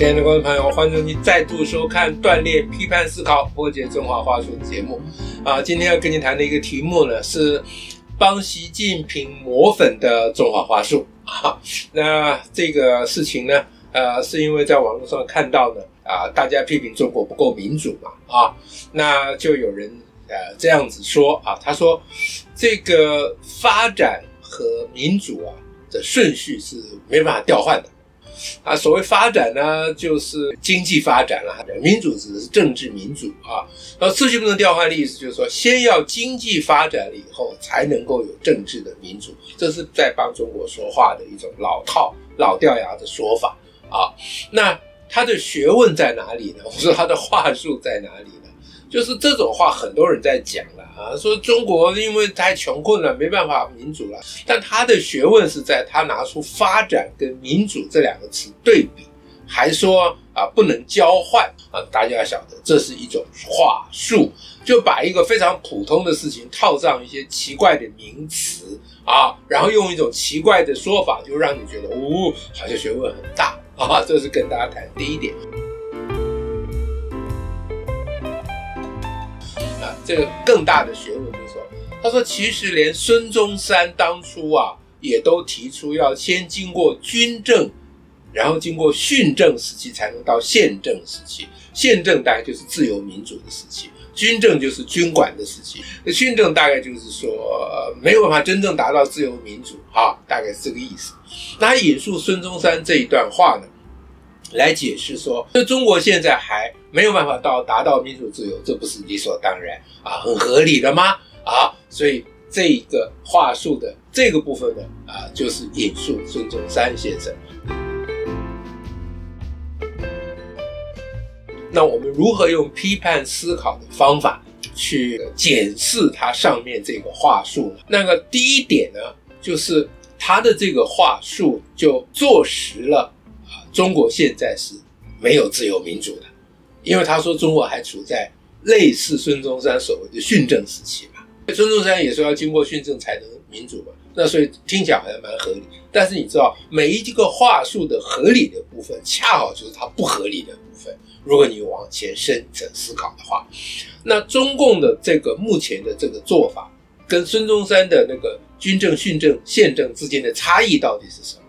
親愛的觀眾朋友，歡迎你再度收看《鍛鍊批判思考，破解中華話術》的節目啊！今天要跟你談的一個題目呢，是幫習近平抹粉的中華話術啊！那這個事情呢，呃，是因為在網絡上看到呢，啊，大家批評中國不夠民主嘛，啊，那就有人呃這樣子說啊，他說這個發展和民主啊的順序是沒辦法調換的。啊，所謂發展呢，就是經濟發展了，啊，民主指的是政治民主啊。然後次序不能調換的意思就是說，先要經濟發展了以後，才能夠有政治的民主。這是在幫中國說話的一種老套、老掉牙的說法啊。那他的學問在哪裡呢？我說他的話術在哪裡？就是這種話，很多人在講了啊，說中國因為太窮困了，沒辦法民主了。但他的學問是在他拿出發展跟民主這兩個詞對比，還說啊不能交換啊。大家要曉得，這是一種話術，就把一個非常普通的事情套上一些奇怪的名詞啊，然後用一種奇怪的說法，就讓你覺得哦，好像學問很大啊。這是跟大家談第一點。這個更大的學問，就是說，他說，其實連孫中山當初啊，也都提出要先經過軍政，然後經過訓政時期，才能到憲政時期。憲政大概就是自由民主的時期，軍政就是軍管的時期，那訓政大概就是說、呃、沒有辦法真正達到自由民主哈，大概是這個意思。那他引述孫中山這一段話呢，來解釋說，這中國現在還沒有辦法到達到民主自由，這不是理所當然啊，很合理的嗎？啊，所以這個話術的這個部分呢，啊，就是引述孫中山先生。那我們如何用批判思考的方法去檢視他上面這個話術呢？那個第一點呢，就是他的這個話術就坐實了。中國現在是沒有自由民主的，因為他說中國還處在類似孫中山所謂的訓政時期嘛。孫中山也說要經過訓政才能民主嘛。那所以聽起來還蠻合理，但是你知道每一個話術的合理的部分，恰好就是它不合理的部分。如果你往前深層思考的話，那中共的這個目前的這個做法，跟孫中山的那個軍政、訓政、憲政之間的差異到底是什麼？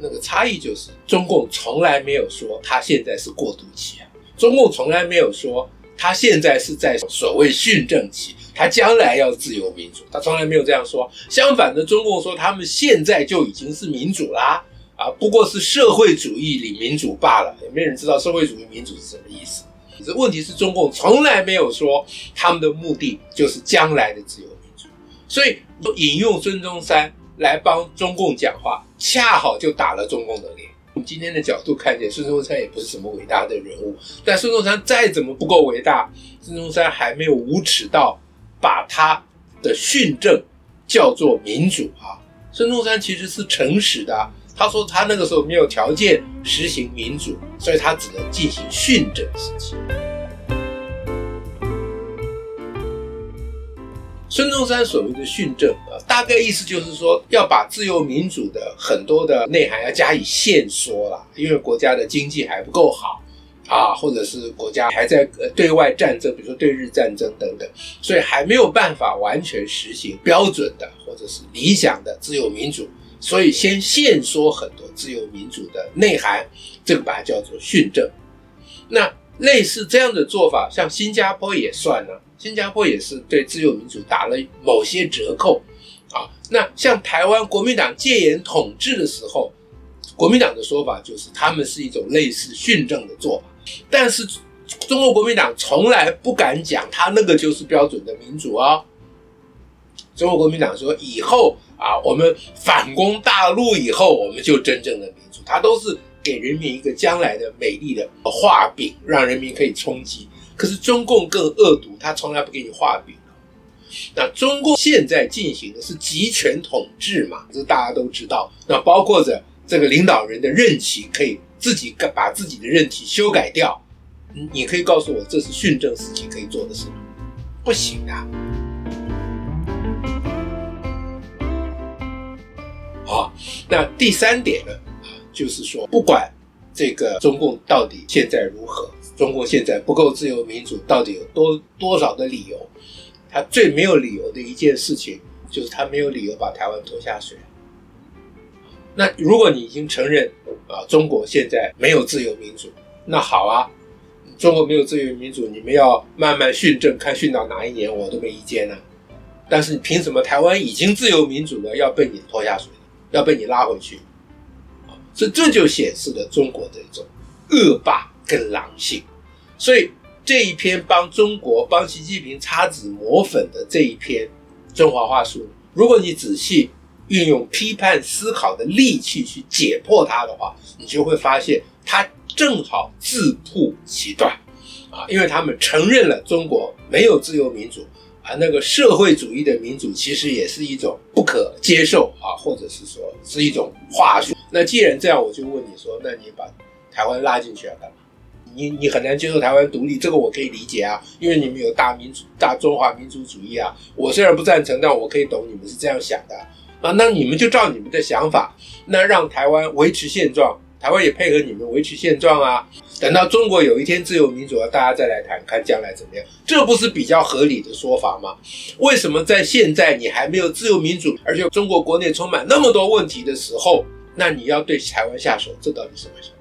那個差異就是，中共從來沒有說他現在是過渡期啊，中共從來沒有說他現在是在所謂訓政期，他將來要自由民主，他從來沒有這樣說。相反的，中共說他們現在就已經是民主啦，啊，啊，不過是社會主義裡民主罷了，也沒人知道社會主義民主是什麼意思。這問題是中共從來沒有說他們的目的就是將來的自由民主，所以引用孫中山來幫中共講話，恰好就打了中共的臉。從今天的角度看見孫中山也不是什麼偉大的人物，但孫中山再怎麼不夠偉大，孫中山還沒有無恥到把他的訓政叫做民主啊。孫中山其實是誠實的啊，他說他那個時候沒有條件實行民主，所以他只能進行訓政時期。孫中山所謂的訓政，啊、呃，大概意思就是說要把自由民主的很多的內涵要加以限縮了，因為國家的經濟還不夠好，啊，或者是國家還在對外戰爭，比如說對日戰爭等等，所以還沒有辦法完全實行標準的或者是理想的自由民主，所以先限縮很多自由民主的內涵，這個把它叫做訓政。那類似這樣的做法，像新加坡也算呢。新加坡也是對自由民主打了某些折扣，啊，那像台灣國民黨戒嚴統治的時候，國民黨的說法就是他們是一種類似訓政的做法，但是中國國民黨從來不敢講他那個就是標準的民主哦。中國國民黨說以後啊，我們反攻大陸以後，我們就真正的民主，它都是給人民一個將來的美麗的畫餅，讓人民可以憧憬。可是中共更惡毒，他從來不給你畫餅。那中共現在進行的是集權統治嘛，這大家都知道。那包括着這個領導人的任期可以自己把自己的任期修改掉。嗯，你可以告訴我這是訓政時期可以做的事嗎？不行的。好，哦，那第三點呢，就是說不管這個中共到底現在如何。中國現在不夠自由民主，到底有多多少個理由？他最沒有理由的一件事情，就是他沒有理由把台灣拖下水。那如果你已經承認啊，中國現在沒有自由民主，那好啊，中國沒有自由民主，你們要慢慢訓政，看訓到哪一年我都沒意見了。但是你憑什麼台灣已經自由民主了，要被你拖下水，要被你拉回去？所以這就顯示了中國的一種惡霸更狼性，所以這一篇幫中國、幫習近平擦脂抹粉的這一篇中華話術，如果你仔細運用批判思考的利器去解剖它的話，你就會發現它正好自曝其短，啊，因為他們承認了中國沒有自由民主啊，那個社會主義的民主其實也是一種不可接受啊，或者是說是一種話術。那既然這樣，我就問你說，那你把台灣拉進去啊，幹嘛？你你很難接受台灣獨立，這個我可以理解啊，因為你們有大民族、大中華民族主義啊。我雖然不贊成，但我可以懂你們是這樣想的啊。那你們就照你們的想法，那讓台灣維持現狀，台灣也配合你們維持現狀啊。等到中國有一天自由民主了，大家再來談，看將來怎麼樣，這不是比較合理的說法嗎？為什麼在現在你還沒有自由民主，而且中國國內充滿那麼多問題的時候，那你要對台灣下手，這到底是為什麼？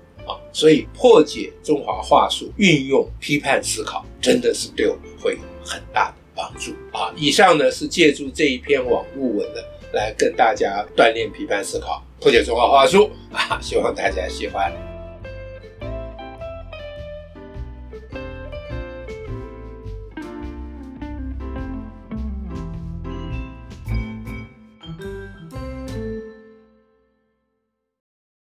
所以，破解中華話術，運用批判思考，真的是對我們會有很大的幫助啊！以上呢是借助這一篇網絡文的，來跟大家鍛鍊批判思考，破解中華話術啊！希望大家喜歡。